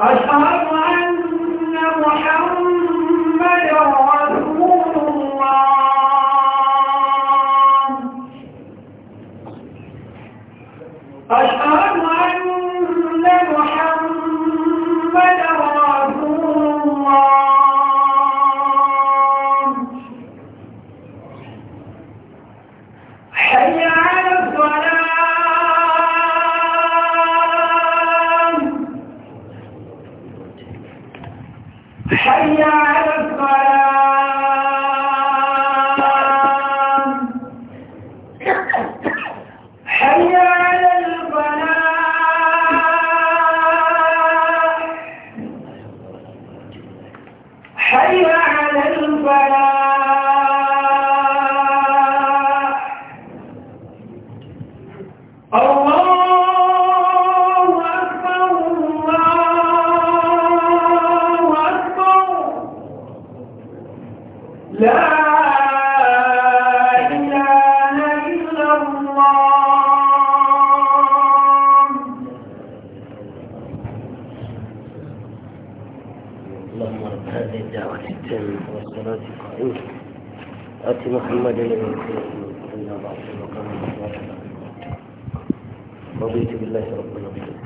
أشهد أن محمد الحمد لله رب العالمين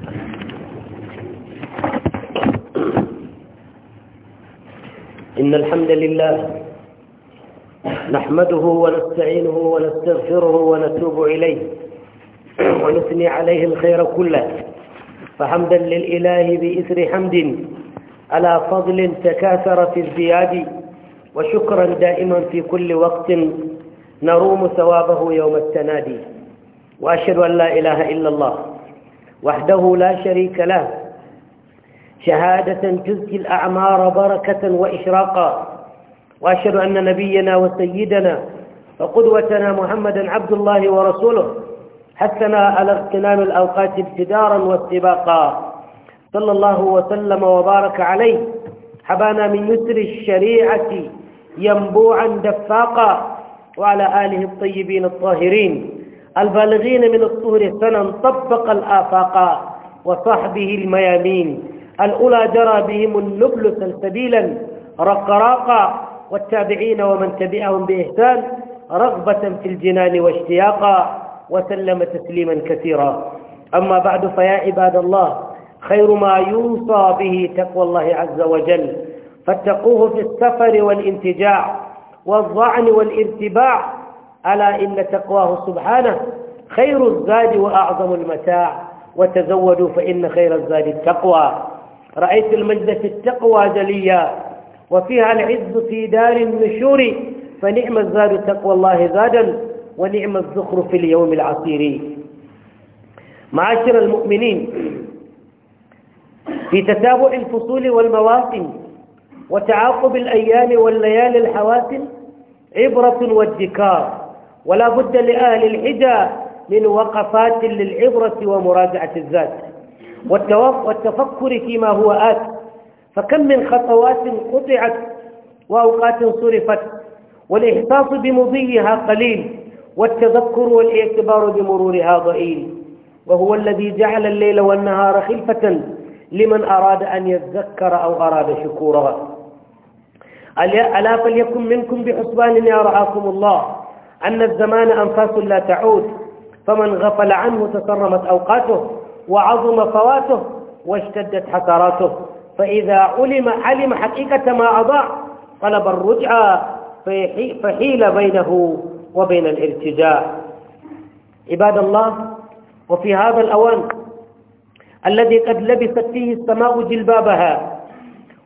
إن الحمد لله نحمده ونستعينه ونستغفره ونتوب إليه ونثني عليه الخير كله فحمدا للإله بإثر حمد على فضل تكاثر في الزياد وشكرا دائما في كل وقت نروم ثوابه يوم التنادي وأشهد أن لا إله إلا الله وحده لا شريك له شهادة تزكي الأعمار بركة وإشراقا وأشهد أن نبينا وسيدنا وقدوتنا محمدا عبد الله ورسوله حثنا على اغتنام الأوقات ابتدارا واستباقا صلى الله وسلم وبارك عليه حبانا من يسر الشريعة ينبوعا دفاقا وعلى آله الطيبين الطاهرين البالغين من الطهر سنا طبق الآفاق وصحبه الميامين الأولى جرى بهم النبل سلسبيلا رقراقا والتابعين ومن تبعهم بإحسان رغبة في الجنان واشتياقا وسلم تسليما كثيرا أما بعد فيا عباد الله خير ما يوصى به تقوى الله عز وجل فاتقوه في السفر والانتجاع والظعن والارتباع ألا إن تقواه سبحانه خير الزاد وأعظم المتاع وتزودوا فإن خير الزاد التقوى رأيت المجد في التقوى جليا وفيها العز في دار النشور فنعم الزاد تقوى الله زادا ونعم الزخر في اليوم العصير معاشر المؤمنين في تتابع الفصول والمواسم وتعاقب الأيام والليالي الحواسم عبرة وادكار ولا بد لأهل الحجة من وقفات للعبرة ومراجعة الذات والتفكر فيما هو آت فكم من خطوات قطعت وأوقات صرفت والإحساس بمضيها قليل والتذكر والاعتبار بمرورها ضئيل وهو الذي جعل الليل والنهار خلفة لمن أراد أن يذكر أو أراد شكورها ألا فليكن منكم بحسبان يا رعاكم الله أن الزمان أنفاس لا تعود فمن غفل عنه تكرمت أوقاته وعظم فواته واشتدت حسراته فإذا علم علم حقيقة ما أضاع طلب الرجعة فحيل بينه وبين الارتجاع عباد الله وفي هذا الأوان الذي قد لبست فيه السماء جلبابها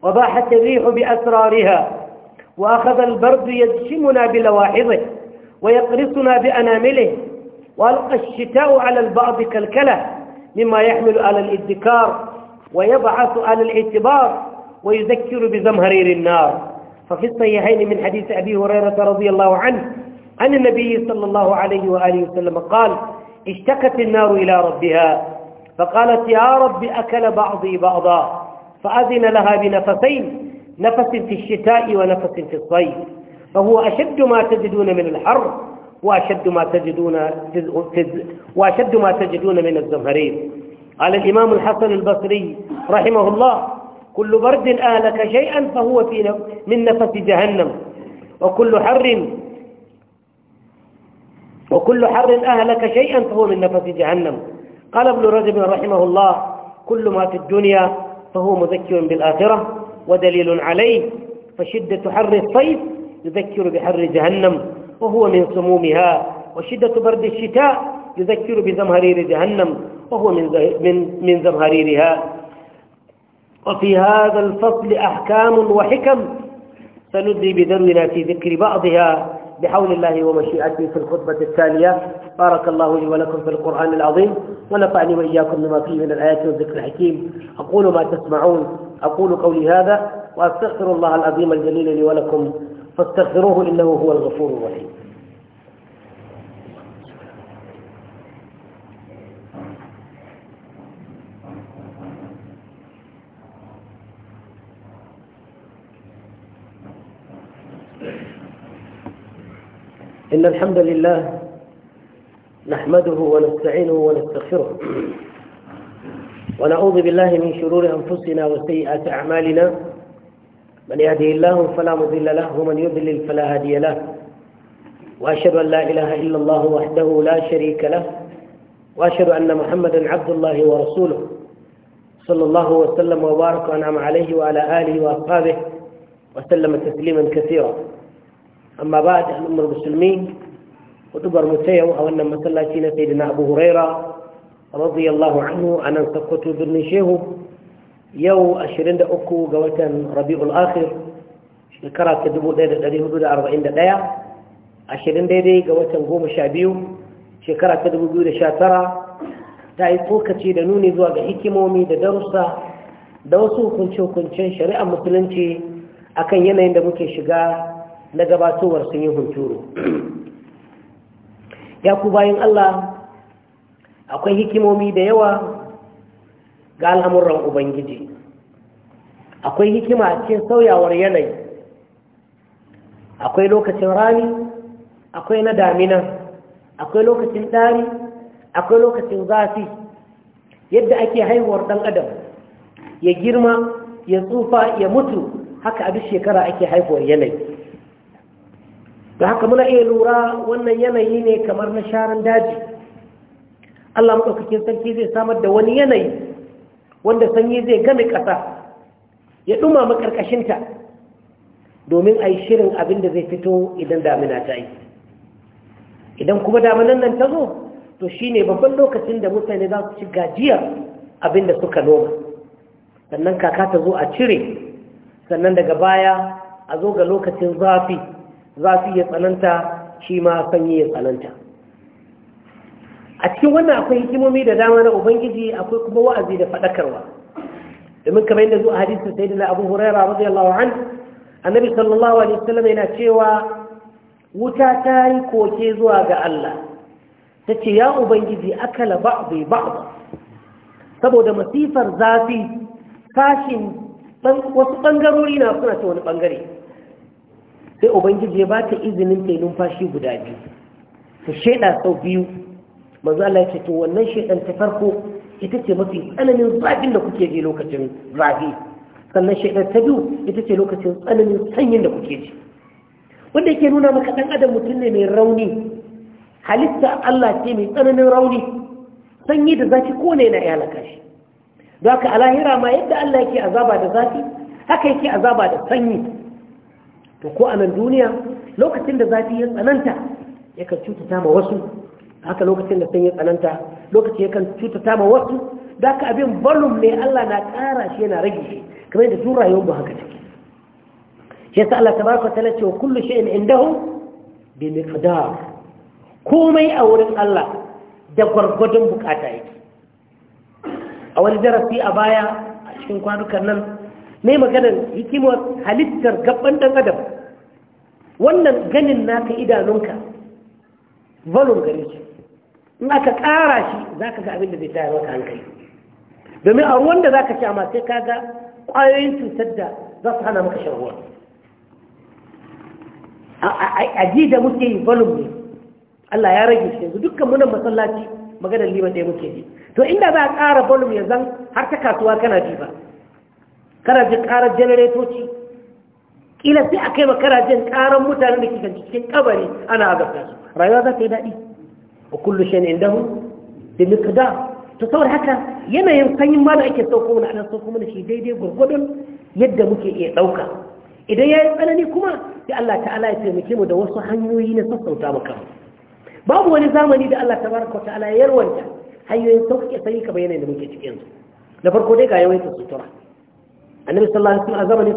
وباحت الريح بأسرارها وأخذ البرد يجشمنا بلواحظه ويقرصنا بأنامله وألقى الشتاء على البعض كالكلة مما يحمل على الادكار ويبعث على الاعتبار ويذكر بزمهرير النار ففي الصحيحين من حديث أبي هريرة رضي الله عنه عن النبي صلى الله عليه وآله وسلم قال اشتكت النار إلى ربها فقالت يا رب أكل بعضي بعضا فأذن لها بنفسين نفس في الشتاء ونفس في الصيف فهو أشد ما تجدون من الحر وأشد ما تجدون وأشد ما تجدون من الزمهرير قال الإمام الحسن البصري رحمه الله كل برد أهلك شيئا فهو في من نفس جهنم وكل حر وكل حر أهلك شيئا فهو من نفس جهنم قال ابن رجب رحمه الله كل ما في الدنيا فهو مذكر بالآخرة ودليل عليه فشدة حر الصيف يذكر بحر جهنم وهو من سمومها وشدة برد الشتاء يذكر بزمهرير جهنم وهو من من من زمهريرها وفي هذا الفصل أحكام وحكم سندري بدرنا في ذكر بعضها بحول الله ومشيئته في الخطبة التالية بارك الله لي ولكم في القرآن العظيم ونفعني وإياكم بما فيه من الآيات والذكر الحكيم أقول ما تسمعون أقول قولي هذا وأستغفر الله العظيم الجليل لي ولكم فاستغفروه إنه هو الغفور الرحيم إن الحمد لله نحمده ونستعينه ونستغفره ونعوذ بالله من شرور أنفسنا وسيئات أعمالنا من يهدي الله فلا مضل له ومن يضلل فلا هادي له وأشهد أن لا إله إلا الله وحده لا شريك له وأشهد أن محمدا عبد الله ورسوله صلى الله وسلم وبارك وأنعم عليه وعلى آله وأصحابه وسلم تسليما كثيرا أما بعد الأمة المسلمين وتبر متيو أو أن مسلاتين سيدنا أبو هريرة رضي الله عنه أن انسقته شيخه yau 23 ga watan rabi'ul akhir shekara ta 1441 ashirin daidai ga watan 12 shekara ta 2019 ta yi tsokaci da nuni zuwa ga hikimomi da darussa da wasu hukunce-hukuncen shari'ar musulunci akan yanayin da muke shiga na gabatowar sun yi hunturu ya ku bayan Allah akwai hikimomi da yawa ga al'amuran ubangiji akwai hikima a cikin sauyawar yanayi akwai lokacin rani akwai na damina akwai lokacin ɗari akwai lokacin zafi yadda ake haihuwar ɗan adam ya girma ya tsufa ya mutu haka a duk shekara ake haihuwar yanayi da haka muna iya lura wannan yanayi ne kamar na sharan daji Allah maɗaukakin sarki zai samar da wani yanayi wanda sanyi zai gami ƙasa ya ɗumama ƙarƙashinta domin a yi shirin abin da zai fito idan damina ta yi idan kuma daminan nan ta zo to shi ne babban lokacin da mutane za su ci gajiyar abin da suka noma sannan kaka ta zo a cire sannan daga baya a zo ga lokacin zafi zafi ya tsananta shi ma sanyi ya tsananta a cikin wannan akwai hikimomi da dama na ubangiji akwai kuma wa'azi da fadakarwa. domin kamar yadda zuwa hadisin sai da abu huraira radiyallahu an annabi sallallahu alaihi wasallam yana cewa wuta ta yi koke zuwa ga Allah ta ce ya ubangiji akala ba'dhi ba'd saboda masifar zafi sashin wasu bangarori na suna ta wani bangare sai ubangiji ya ba ta izinin tainun numfashi guda biyu ta sheda sau biyu manzo Allah yake to wannan shedan ta farko ita ce mafi tsananin zafin da kuke ji lokacin zafi sannan shedan ta biyu ita ce lokacin tsananin sanyin da kuke ji wanda yake nuna maka dan adam mutum ne mai rauni halitta Allah ce mai tsananin rauni sanyi da zafi ko ne na iyalaka shi don haka a lahira ma yadda Allah yake azaba da zafi haka yake azaba da sanyi to ko a nan duniya lokacin da zafi ya tsananta yakan cutata ma wasu haka lokacin da sun lokacin tsananta lokaci cuta ta ma wasu da aka abin balum ne Allah na ƙara shi yana rage shi kamar yadda tun rayuwar mu haka ciki shi yasa Allah tabaraka ta'ala ce kullu shay'in indahu bi miqdar komai a wurin Allah da gwargwadon bukata yake a wani darasi a baya a cikin kwanukan nan ne magana hikimar halittar gaban dan adam wannan ganin naka idanunka balum gare shi in aka kara shi za ka ga abin da zai tayar maka hankali domin a ruwan da za ka sha ma sai ka ga ƙwayoyin cutar da za su hana maka shan ruwan a ji da muke yi volume ne Allah ya rage shi yanzu dukkan munan masallaci maganar liman ɗaya muke ji to inda za a ƙara volume ya zan har ta kasuwa kana ji ba kana ji ƙarar janaretoci ƙila sai a kai ma kana jin ƙarar mutanen da ke cikin kabari ana azabta su rayuwa za ta yi daɗi wa kullu shayin indahu bi miqdar to saboda haka yanayin sanyin ma da ake sauko mana ana sauko mana shi daidai gurgudun yadda muke iya ɗauka. idan yayi tsanani kuma sai Allah ta'ala ya taimake mu da wasu hanyoyi na sassauta mu babu wani zamani da Allah tabaraka ta'ala ya yarwanta hanyoyin sauke sanyi kamar yanayin da muke cikin su na farko dai ga yawaita sutura annabi sallallahu alaihi wasallam zamanin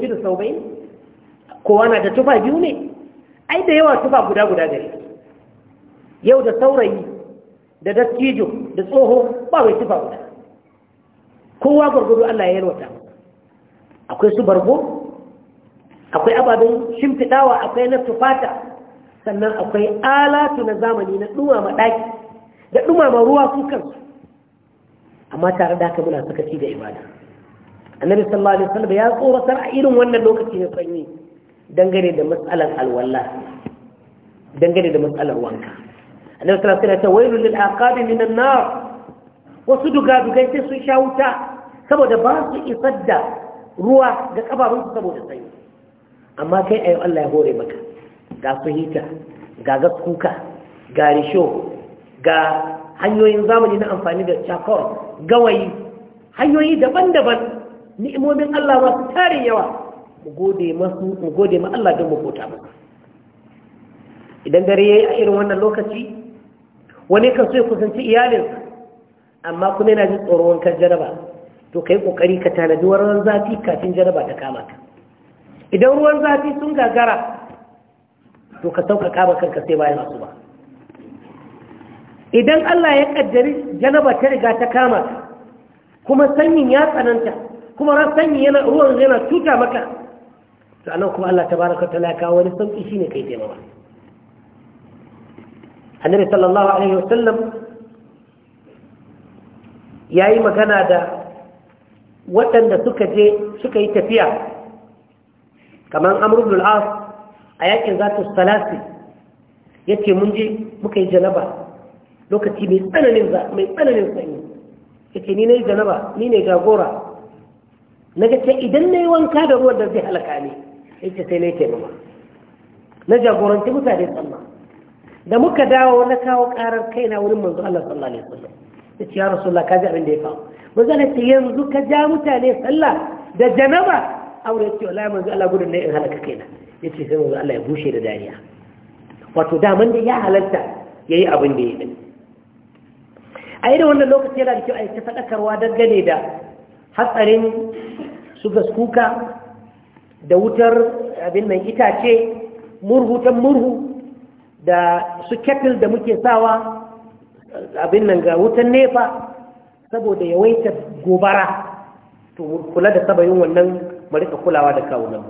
tana kowa na da tufa biyu ne ai da yawa tufa guda guda yau da saurayi da dattijo da tsoho ba wai sifa guda kowa gurgudu Allah ya yalwata akwai su bargo akwai ababen shimfiɗawa akwai na tufata sannan akwai alatu na zamani na dumama daki da dumama ruwa su kansu amma tare da haka muna sakaci da ibada annabi sallallahu alaihi wasallam ya tsoratar a irin wannan lokaci ne sanyi dangane da matsalar alwala dangane da matsalar wanka annabi sallallahu alaihi wasallam ta wailul lil aqabi minan nar wasu dugadugai sai sun sha wuta saboda ba su isar da ruwa ga kafafunsu saboda sanyi amma kai ayo Allah ya hore maka ga su hita ga gaskuka ga risho ga hanyoyin zamani na amfani da charcoal gawayi hanyoyi daban-daban ni'imomin Allah masu tarin yawa mu gode masu mu gode ma Allah don mu kota masa idan dare yayi a irin wannan lokaci wani kan so ya kusanci iyalinsa amma kuma yana jin tsoro wankan jaraba to kai kokari ka tanadi ruwan zafi kafin jaraba ta kama ka idan ruwan zafi sun gagara to ka sauƙaƙa ba kanka sai bayan ba. idan Allah ya kaddari janaba ta riga ta kama ka kuma sanyin ya tsananta kuma ran sanyi yana ruwan yana cuta maka to anan kuma Allah tabaraka ta kawo wani sauki shine kai taimama annabi sallallahu alaihi wasallam yayi magana da waɗanda suka je suka yi tafiya kamar amr ibn al-as a yakin zatu salasi yace mun je muka yi janaba lokaci mai tsananin mai tsananin sanyi yace ni nayi janaba ni ne jagora naga ce idan nayi wanka da ruwan da zai halaka ni yace sai nayi taimama na jagoranci mutane sallah da muka dawo na kawo karar kaina wurin manzo Allah sallallahu alaihi wasallam yace ya rasulullah ka ji abin da ya faru manzo Allah ce yanzu ka ja mutane sallah da janaba aure yace wallahi manzo Allah gudun ne in halaka kaina yace sai manzo Allah ya bushe da dariya wato daman da ya halarta yayi abin da ya yi a irin wannan lokaci yana da kyau a yi ta faɗakarwa dangane da hatsarin su kuka, da wutar abin mai itace murhu ta murhu da su ketil da muke sawa abin nan ga wutan nefa saboda yawaita gobara to kula da sabayin wannan marika kulawa da kawunan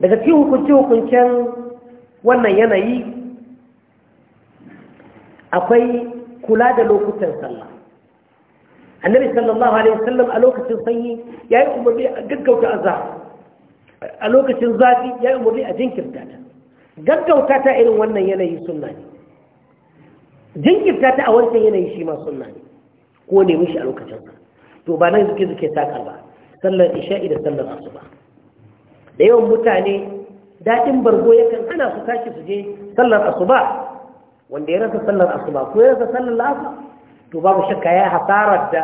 daga cikin hukunci hukuncen wannan yanayi akwai kula da lokutan sallah annabi sallallahu alaihi wasallam a lokacin sanyi ya yi umarni a gaggauta azza a lokacin zafi ya yi umarni a jinkirta ta gaggauta ta irin wannan yanayi suna ne jinkirta ta a wancan yanayi shi ma suna ne ko nemi shi a lokacinsa to ba nan suke suke takar ba sallar isha'i da sallar asuba da yawan mutane daɗin bargo yakan ana su tashi su je sallar asuba wanda ya rasa sallar asuba ko ya rasa sallar la'asa to babu shakka ya hasarar da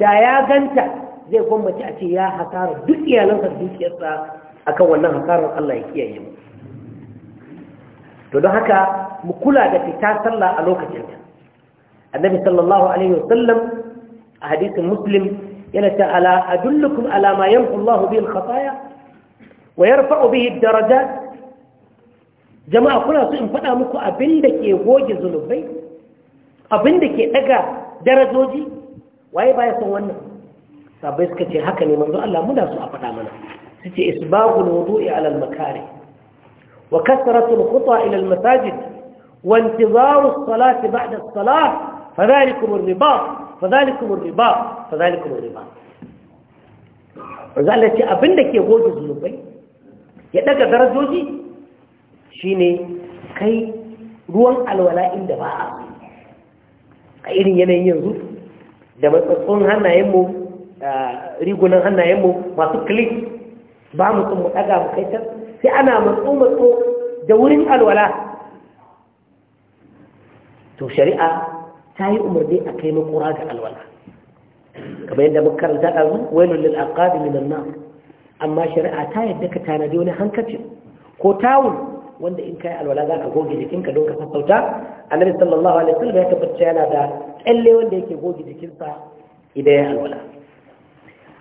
da ya ganta zai gwamnati a ce ya hasarar duk iyalansa dukiyarsa akan wannan hasarar Allah ya kiyaye mu to don haka mu kula da fita sallah a lokacin annabi sallallahu alaihi wasallam a hadisin muslim yana ta ala adullukum ala ma yamhu Allahu bihi al-khataya wa yarfa'u bihi ad-darajat jama'a kuna su in faɗa muku abinda ke goge zunubai abinda ke daga darajoji waye baya son wannan sabai suka ce haka ne manzo Allah muna so a faɗa mana su ce isbagul wudu'i ala al-makari وكثرة الخطى إلى المساجد وانتظار الصلاة بعد الصلاة فذلكم الرباط فذلكم الرباط فذلكم الرباط وزال لك أبنك يقول الزنوبي يدك درجوجي شيني كي ruwan alwala inda ba a a irin yanayin yanzu da matsatsun hannayenmu rigunan hannayenmu masu klik ba mu sun mu ɗaga mu kai can sai ana matso-matso da wurin alwala to shari'a ta yi umarni a kai makura ga alwala kamar yadda muka karanta ɗazu wailun lil aqabi amma shari'a ta yadda ka tanadi wani hankaci ko tawul wanda in kai alwala za ka goge jikinka don ka sassauta annabi sallallahu alaihi wasallam ya tabbata yana da tsalle wanda yake goge jikinsa idan ya alwala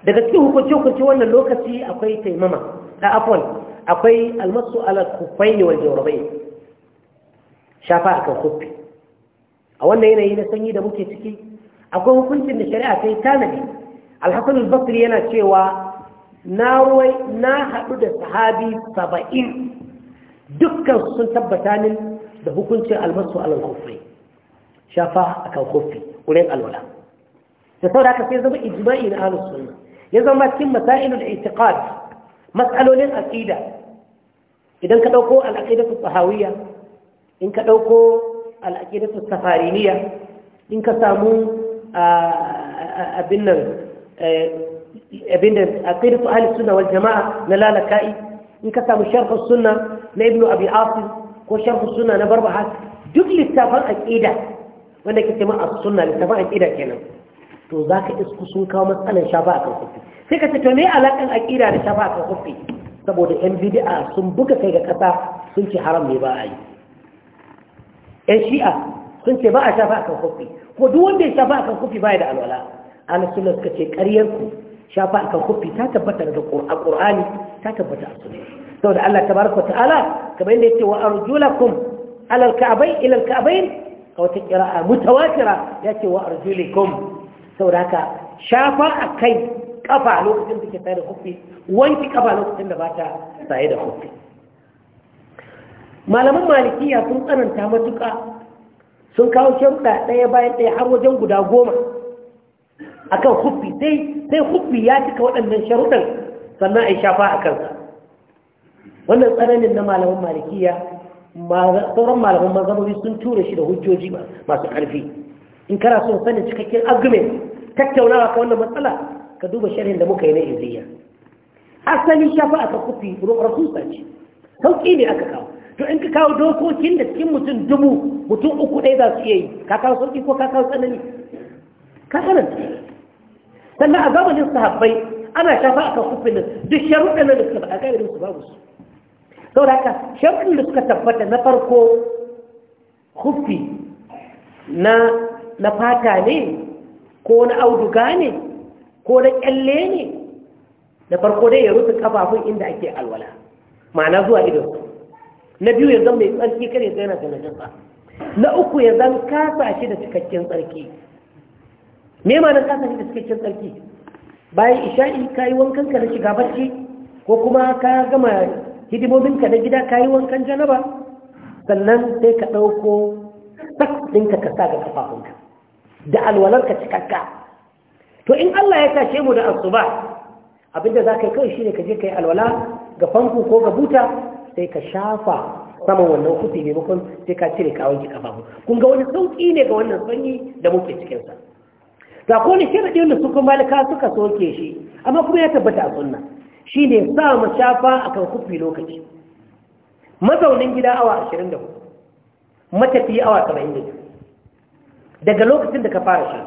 daga cikin hukunci hukunci wannan lokaci akwai taimama da afwan akwai almasu ala kuffaini wajen rabai shafa akan kuffi a wannan yanayi na sanyi da muke ciki akwai hukuncin da shari'a ta yi tanadi alhassan al yana cewa na ruwai na haɗu da sahabi saba'in dukkan sun tabbata min da hukuncin almasu ala kuffi shafa akan kuffi wurin alwala da sau da aka sai zama ijma'i na ahlus ya zama cikin masailul i'tiqad matsalolin aƙida, idan ka ɗauko al-aqidatu tahawiyya in ka ɗauko al-aqidatu safariniyya in ka samu eh, abin da aqidatu ahli sunna wal jamaa na lalaka'i in ka samu sharh suna na ibnu abi asim ko sharh suna na barbahas duk littafan aƙida, wanda ke cewa as-sunna littafan aqida kenan to za ka isku sun kawo matsalar shafa a kan kufi sai ka ce to ne alaƙan aƙida da shafa a kan kufi saboda yan bidi'a sun buga kai ga ƙasa sun ce haram ne ba a yi yan shi'a sun ce ba a shafa a kan kufi ko duk wanda ya shafa a kan kufi ba ya da alwala ana sunan suka ce ƙaryar ku shafa a kan kufi ta tabbata daga ƙur'ani ta tabbata a sunan saboda Allah Ta tabaraka ta'ala kamar yadda ya ce wa arjulakum alal ka'abai ilal ka'abain a wata ƙira'a mutawatira yake ce wa arjulikum sauraka shafa a kai kafa lokacin da ke tsaye da kufi wanki kafa lokacin da ba ta tsaye da kufi malaman malikiya sun tsananta matuka sun kawo sharuɗa ɗaya bayan ɗaya har wajen guda goma a kan huffi sai huffi ya cika waɗannan sharuɗan sannan a yi shafa a kansa wannan tsananin na malaman malikiya sauran malaman mazamuri sun tura shi da hujjoji masu ƙarfi in kana son sanin cikakken argument tattaunawa ka wannan matsala ka duba sharhin da muka yi na iziya asali shafa aka kufi rasusa ce sauƙi ne aka kawo to in ka kawo dokokin da cikin mutum dubu mutum uku ɗaya za su iya yi ka kawo sauki ko ka kawo tsanani ka karanta sannan a zamanin sahabbai ana shafa a kan kufin nan duk sharuɗan da suka ba faɗa ƙa'irin su babu su saboda haka sharuɗan da suka tabbata na farko kufi na na fata ne ko na auduga ne ko na kyalle ne da farko dai ya rufe kafafun inda ake alwala ma'ana zuwa idon na biyu ya zan mai tsarki kare zai na ganin ba na uku ya zan kasa shi da cikakken tsarki me ma nan kasa shi da cikakken tsarki bayan isha'i kayi wankan ka na shiga barci ko kuma ka gama hidimomin ka na gida kayi wankan janaba sannan sai ka ɗauko sak ɗinka ka sa ga kafafunka da alwalarka cikakka to in Allah ya tashe mu da asuba abinda za ka yi shi shine ka je ka yi alwala ga fanku ko ga buta sai ka shafa saman wannan kufi maimakon sai ka cire kawon ki kafafu kun ga wani sauki ne ga wannan sanyi da muke cikin sa ga ko ne shirin da su kuma malika suka soke shi amma kuma ya tabbata a sunna shine sa mu shafa akan kufi lokaci mazaunin gida awa 24 matafi awa 72 daga lokacin da ka fara shi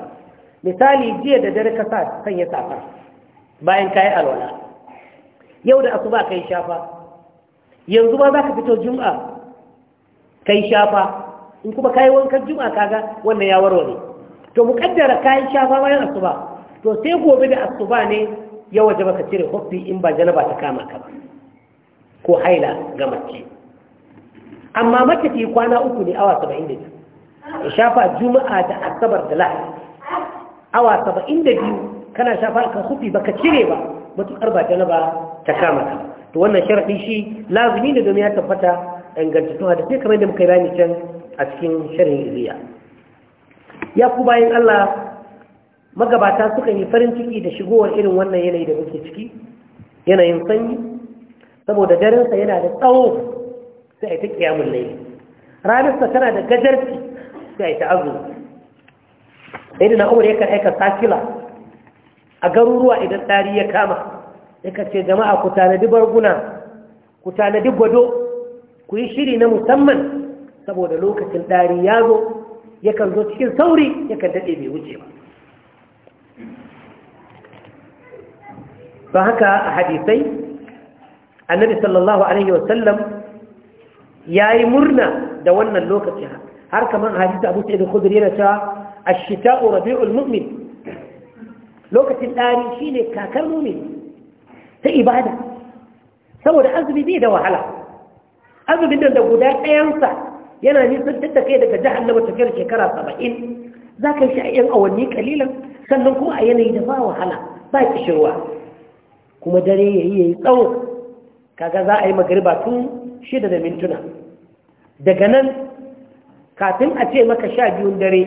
misali jiya da dare ka sa sanya safa bayan kayi alwala yau da asuba kai shafa yanzu ba za ka fito juma'a kai shafa in kuma kayi wankan juma'a kaga wannan ya warware to mu kaddara kayi shafa bayan asuba to sai gobe da asuba ne ya waje baka cire hofi in ba janaba ta kama ka ba ko haila ga mace amma mace ta kwana uku ne awa saba'in ya shafa juma'a da asabar da lahi awa saba'in da biyu kana shafa ka kufi ba cire ba matuƙar ba ba ta kama ka to wannan sharaɗi shi lazumi ne domin ya tabbata ingantattun hadisai kamar da muka yi bayani can a cikin shirin iliya ya ku bayan allah magabata suka yi farin ciki da shigowar irin wannan yanayi da muke ciki yanayin sanyi saboda darensa yana da tsawo sai a ta kiyamun layi ranarsa tana da gajarci sai ta azumi sai da umar yakan aika sakila a garuruwa idan tsari ya kama yakan ce jama'a ku tanadi barguna ku tanadi gwado ku yi shiri na musamman saboda lokacin tsari ya zo yakan zo cikin sauri yakan daɗe mai wuce ba don haka a hadisai annabi sallallahu alaihi wasallam ya yi murna da wannan lokacin haka har kamar hadisi abu sa'id da khudri yana cewa ash-shita'u rabi'ul mu'min lokacin dari shine kakar mu'min ta ibada saboda azumi bai da wahala azumin da guda ɗayansa yana nisan da kai daga na tafiyar shekara saba'in za ka yi shi a yan awanni kalilan sannan kuma a yanayi da ba wahala ba kishirwa kuma dare ya yi ya yi tsawo kaga za a yi magariba tun shida da mintuna daga nan kafin a ce maka sha biyun dare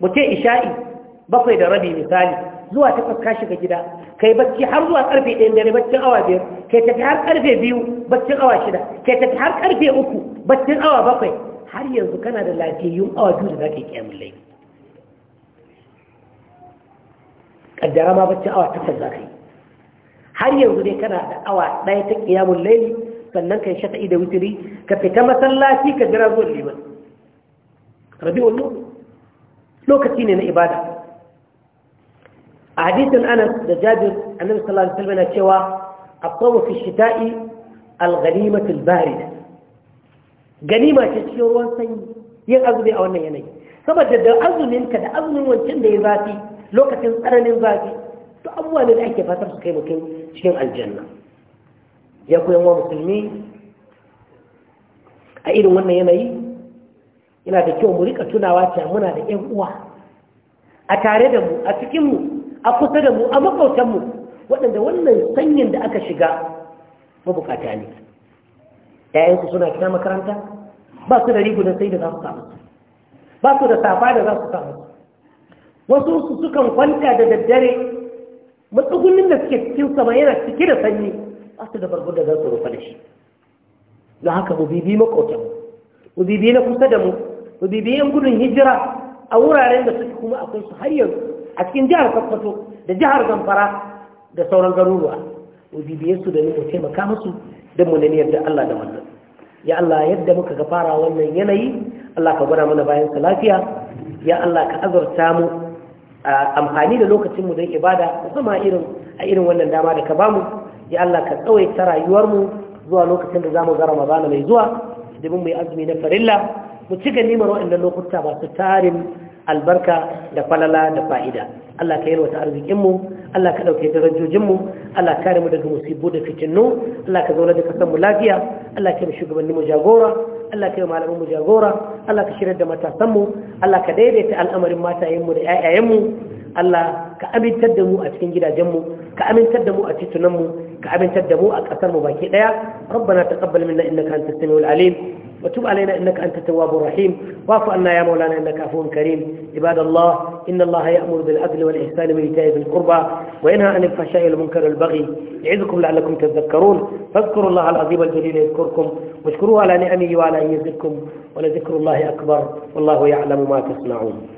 mu ce isha'i bakwai da rabi misali zuwa takwas ka shiga gida kai bacci har zuwa karfe ɗayan dare baccin awa biyar kai tafi har karfe biyu baccin awa shida kai tafi har karfe uku baccin awa bakwai har yanzu kana da lafiyayyun awa biyu da za ka yi kyamun laifi kaddara ma baccin awa takwas za yi har yanzu dai kana da awa ɗaya ta kiyamun laifi sannan kai yi shafa'i da wutiri ka fita masallaci ka jira zuwan liman rabi'ul nur lokaci ne na ibada a hadisin anas da jabir annabi sallallahu alaihi wasallam cewa aqwa fi shita'i al-ghanimatu al-barida ganima ce cikin ruwan sanyi yin azumi a wannan yanayi saboda da azuminka da azumin wancan da ya zafi lokacin tsananin zafi to abubuwa ne da ake fatar su kai mutum cikin aljanna ya koyan wa musulmi a irin wannan yanayi yana da kyau mu rika tunawa cewa muna da ƴan uwa a tare da mu a cikin mu a kusa da mu a makautan mu waɗanda wannan sanyin da aka shiga mabukata ne ƴaƴansu suna kira makaranta ba su da rigunan sai da za su samu ba su da safa da za su samu wasu su sukan kwanta da daddare matsugunin da suke cikin sama yana cike da sanyi ba su da barbar da za su rufa da shi don haka mu bibi makautan mu mu bibi na kusa da mu ku gudun hijira a wuraren da suke kuma akwai su har yanzu a cikin jihar Sokoto da jihar Zamfara da sauran garuruwa ku su da mu taimaka musu don mu nemi yadda Allah da wannan ya Allah yadda muka ga fara wannan yanayi Allah ka gwada mana bayan sa lafiya ya Allah ka azurta mu amfani da lokacin mu don ibada musamman irin a irin wannan dama da ka bamu ya Allah ka tsawaita rayuwar mu zuwa lokacin da zamu ga Ramadan mai zuwa domin mu yi azumi na farilla mu ci ganimar waɗannan lokuta masu tarin albarka da falala da fa'ida Allah ka wata arzikinmu Allah ka ɗauke darajojinmu Allah kare mu daga musibu da fitinu Allah ka zaune da kasan mu lafiya Allah ka yi shugabanni mu jagora Allah ka yi malamin mu jagora Allah ka shirya da matasanmu Allah ka daidaita al'amarin matayenmu da 'ya'yayenmu Allah ka amintar da mu a cikin gidajenmu ka amintar da mu a titunanmu ka amintar da mu a ƙasarmu baki ɗaya rabbana taqabbal minna innaka antas samiul alim وتب علينا إنك أنت التواب الرحيم واعف عنا يا مولانا إنك عفو كريم عباد الله إن الله يأمر بالعدل والإحسان وإيتاء ذي القربى وينهى عن الفحشاء والمنكر والبغي يعظكم لعلكم تذكرون فاذكروا الله العظيم الجليل يذكركم واشكروه على نعمه وعلى أن يزدكم ولذكر الله أكبر والله يعلم ما تصنعون